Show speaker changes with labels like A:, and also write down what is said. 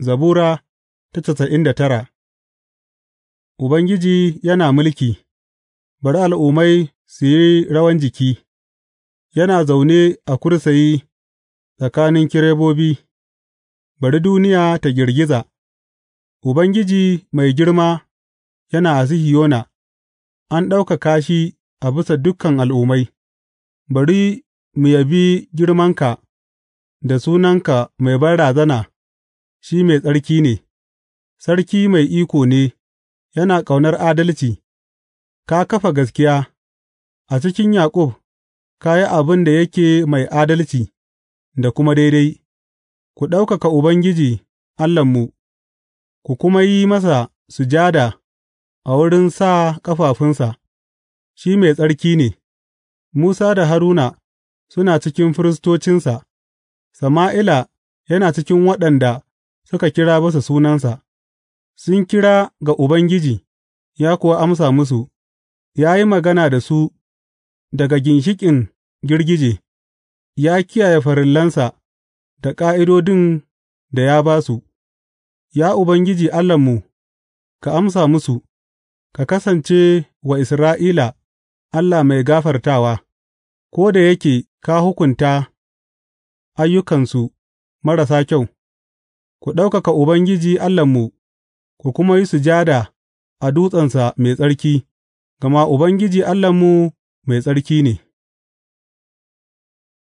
A: Zabura ta casa'in da tara Ubangiji yana mulki, bari al'ummai su yi rawan jiki; yana zaune a kursayi tsakanin kirebobi. bari duniya ta girgiza; Ubangiji mai girma yana a Sihiyona, an ɗaukaka shi a bisa dukan al'ummai; bari mu yabi girmanka da sunanka mai banrazana. shi mai tsarki ne, sarki mai iko ne, yana ƙaunar adalci; ka kafa gaskiya, a cikin Yaƙub ka yi abin da yake mai adalci da kuma daidai; ku ɗaukaka Ubangiji Allahnmu, ku kuma yi masa sujada a wurin sa ƙafafunsa, shi mai tsarki ne, Musa da Haruna suna cikin firistocinsa, Sama'ila yana cikin waɗanda. suka kira bisa sunansa, sun kira ga Ubangiji, ya kuwa amsa musu, ya yi magana da su daga ginshiƙin girgije, ya kiyaye farillansa da ƙa'idodin da ya ba su, ya Ubangiji Allahnmu, ka amsa musu, ka kasance wa Isra'ila Allah mai gafartawa, ko da yake ka hukunta ayyukansu marasa kyau. Ku ɗaukaka Ubangiji Allahnmu, ku kuma yi sujada a dutsensa mai tsarki, gama Ubangiji Allahnmu mai tsarki ne.